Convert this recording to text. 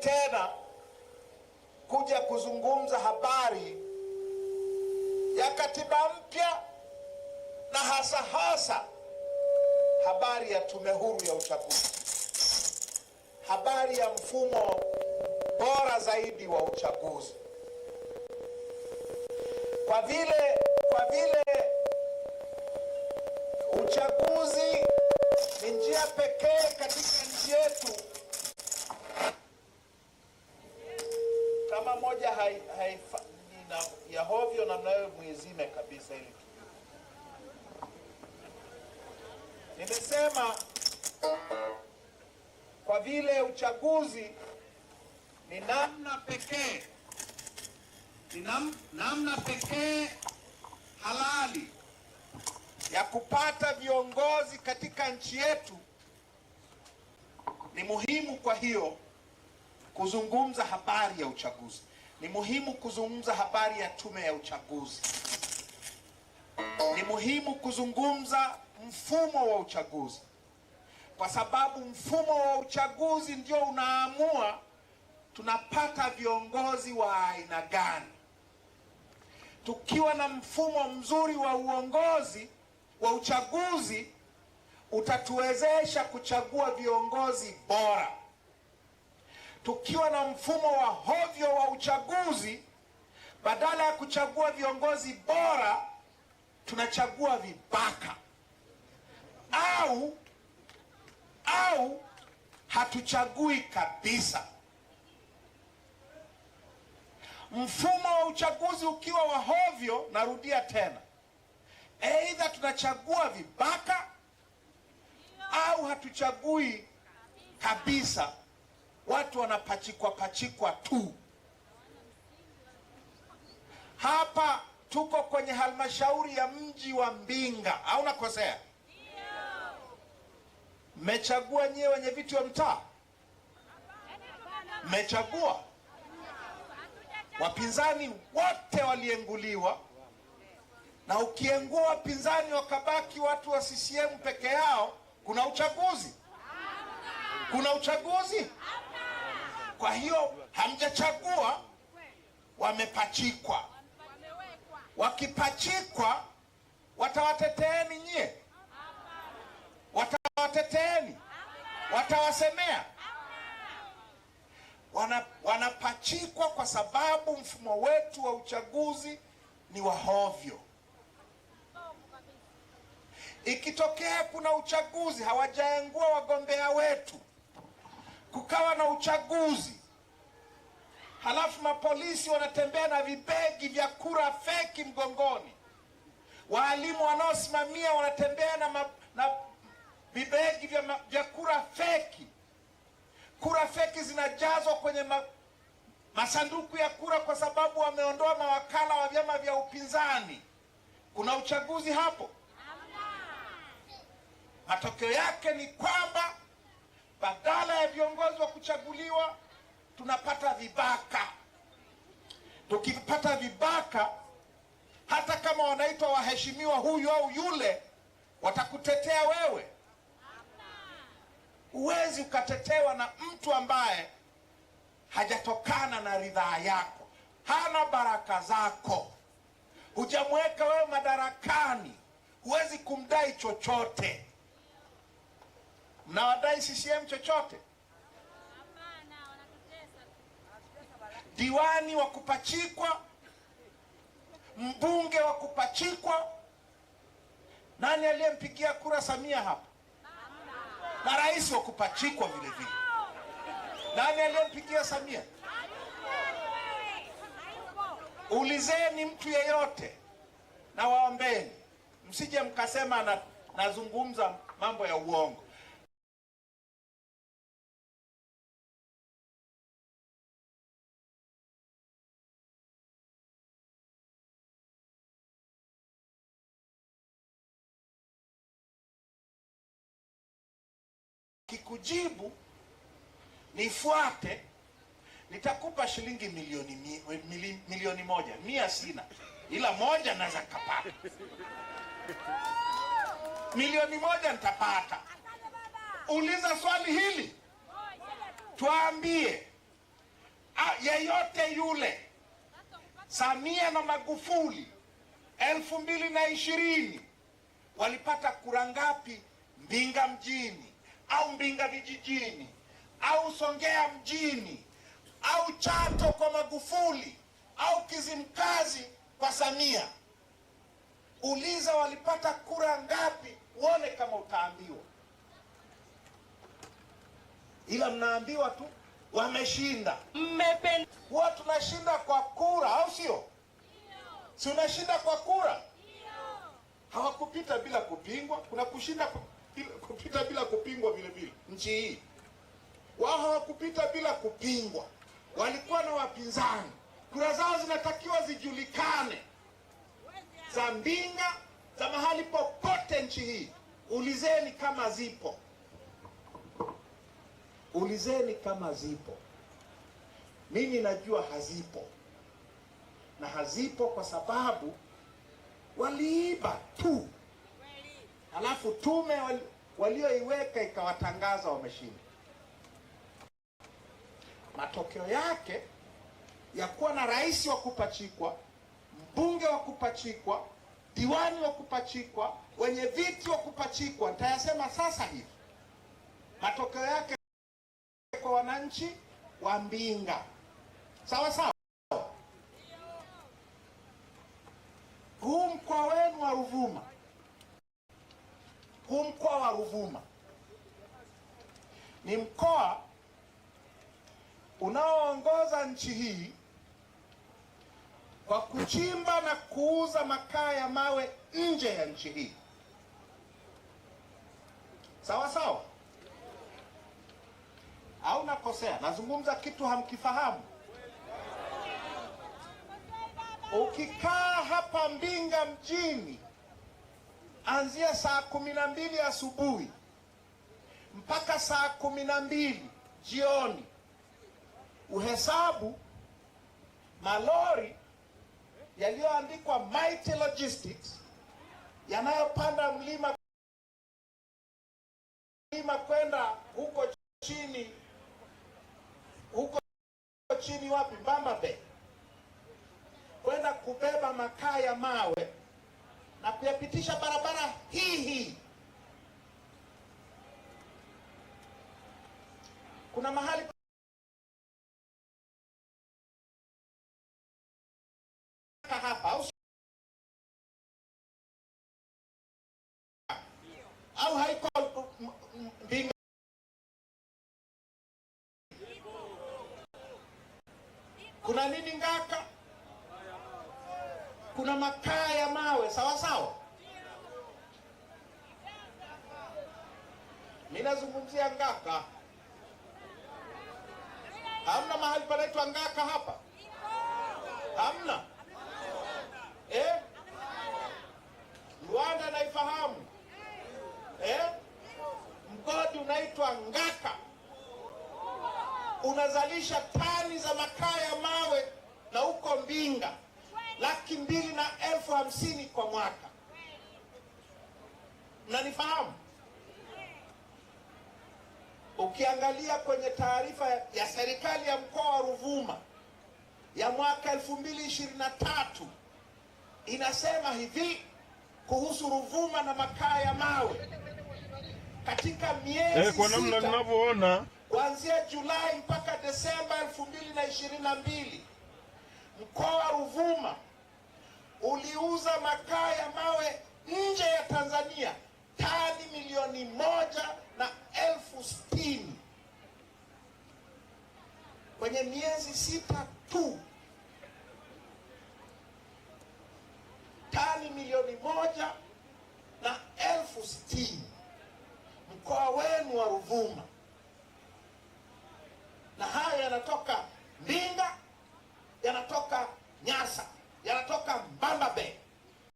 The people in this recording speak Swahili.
tena kuja kuzungumza habari ya katiba mpya na hasa hasa habari ya tume huru ya uchaguzi, habari ya mfumo bora zaidi wa uchaguzi, kwa vile kwa vile uchaguzi ni njia pekee katika nchi yetu ya hovyo namnayo mwizime kabisa, ili Nimesema kwa vile uchaguzi ni namna pekee ni nam, namna pekee halali ya kupata viongozi katika nchi yetu. Ni muhimu kwa hiyo kuzungumza habari ya uchaguzi. Ni muhimu kuzungumza habari ya tume ya uchaguzi. Ni muhimu kuzungumza mfumo wa uchaguzi, kwa sababu mfumo wa uchaguzi ndio unaamua tunapata viongozi wa aina gani. Tukiwa na mfumo mzuri wa uongozi wa uchaguzi, utatuwezesha kuchagua viongozi bora tukiwa na mfumo wa hovyo wa uchaguzi, badala ya kuchagua viongozi bora tunachagua vibaka au au hatuchagui kabisa. Mfumo wa uchaguzi ukiwa wa hovyo, narudia tena, aidha tunachagua vibaka au hatuchagui kabisa watu wanapachikwa pachikwa tu. Hapa tuko kwenye halmashauri ya mji wa Mbinga au nakosea? Mmechagua nyie wenye viti wa mtaa? Mmechagua? Wapinzani wote walienguliwa, na ukiengua wapinzani wakabaki watu wa CCM peke yao, kuna uchaguzi. Kuna uchaguzi? Kwa hiyo hamjachagua, wamepachikwa. Wakipachikwa watawateteeni nyie? Watawateteeni? Watawasemea? Wana, wanapachikwa kwa sababu mfumo wetu wa uchaguzi ni wahovyo. Ikitokea kuna uchaguzi hawajaengua wagombea wetu kukawa na uchaguzi, halafu mapolisi wanatembea na vibegi vya kura feki mgongoni, waalimu wanaosimamia wanatembea na, ma, na vibegi vya, ma, vya kura feki. Kura feki zinajazwa kwenye ma, masanduku ya kura kwa sababu wameondoa mawakala wa vyama vya upinzani. Kuna uchaguzi hapo? Matokeo yake ni kwamba badala ya viongozi wa kuchaguliwa tunapata vibaka. Tukipata vibaka, hata kama wanaitwa waheshimiwa huyu au yule, watakutetea wewe. Huwezi ukatetewa na mtu ambaye hajatokana na ridhaa yako, hana baraka zako, hujamweka wewe madarakani, huwezi kumdai chochote. Mnawadai CCM chochote? Diwani wa kupachikwa, mbunge wa kupachikwa. Nani aliyempigia kura Samia hapa? Na rais wa kupachikwa vile vile. Nani aliyempigia Samia? Ulizeni mtu yeyote na waombeni, msije mkasema na, nazungumza mambo ya uongo. kikujibu nifuate, nitakupa shilingi milioni, mi, milioni moja. Mia sina ila moja naweza kapata, milioni moja nitapata. Uliza swali hili, tuambie yeyote yule Samia na Magufuli elfu mbili na ishirini walipata kura ngapi Mbinga mjini? au Mbinga vijijini au Songea mjini au Chato kwa Magufuli au Kizimkazi kwa Samia. Uliza walipata kura ngapi, uone kama utaambiwa. Ila mnaambiwa tu wameshinda. Mmependa huwa tunashinda kwa kura, au sio? Si unashinda kwa kura? Hawakupita bila kupingwa, kuna kushinda kwa bila kupita bila kupingwa. Vile vile nchi hii wao hawakupita bila kupingwa, walikuwa na wapinzani. Kura zao zinatakiwa zijulikane, za Mbinga, za mahali popote nchi hii. Ulizeni kama zipo, ulizeni kama zipo. Mimi najua hazipo, na hazipo kwa sababu waliiba tu alafu tume walioiweka ikawatangaza wameshinda. Matokeo yake ya kuwa na rais wa kupachikwa, mbunge wa kupachikwa, diwani wa kupachikwa, wenye viti wa kupachikwa, nitayasema sasa hivi. Matokeo yake kwa wananchi wa Mbinga, sawa sawa, huu mkoa huu mkoa wa Ruvuma ni mkoa unaoongoza nchi hii kwa kuchimba na kuuza makaa ya mawe nje ya nchi hii. Sawa sawa au nakosea? Nazungumza kitu hamkifahamu? Ukikaa hapa Mbinga mjini anzia saa kumi na mbili asubuhi mpaka saa kumi na mbili jioni, uhesabu malori yaliyoandikwa Mighty Logistics yanayopanda mlima mlima kwenda huko chini huko chini wapi, Mbamba Bay kwenda kubeba makaa ya mawe na kuyapitisha barabara hii hii. Kuna mahali hapa au, au haiko Mbinga kuna nini Ngaka kuna makaa ya mawe sawa sawa. minazungumzia Ngaka. Hamna mahali panaitwa Ngaka hapa? Hamna eh? Rwanda naifahamu eh? Mgodi unaitwa Ngaka, unazalisha tani za makaa ya mawe na uko Mbinga laki mbili na elfu hamsini kwa mwaka. Mnanifahamu? Ukiangalia kwenye taarifa ya serikali ya mkoa wa Ruvuma ya mwaka tatu inasema hivi kuhusu Ruvuma na makaa ya mawe katika miezi eh, kwa namna ninavyoona kuanzia Julai mpaka Desemba mbili mkoa wa Ruvuma uliuza makaa ya mawe nje ya Tanzania tani milioni moja na elfu sitini kwenye miezi sita tu.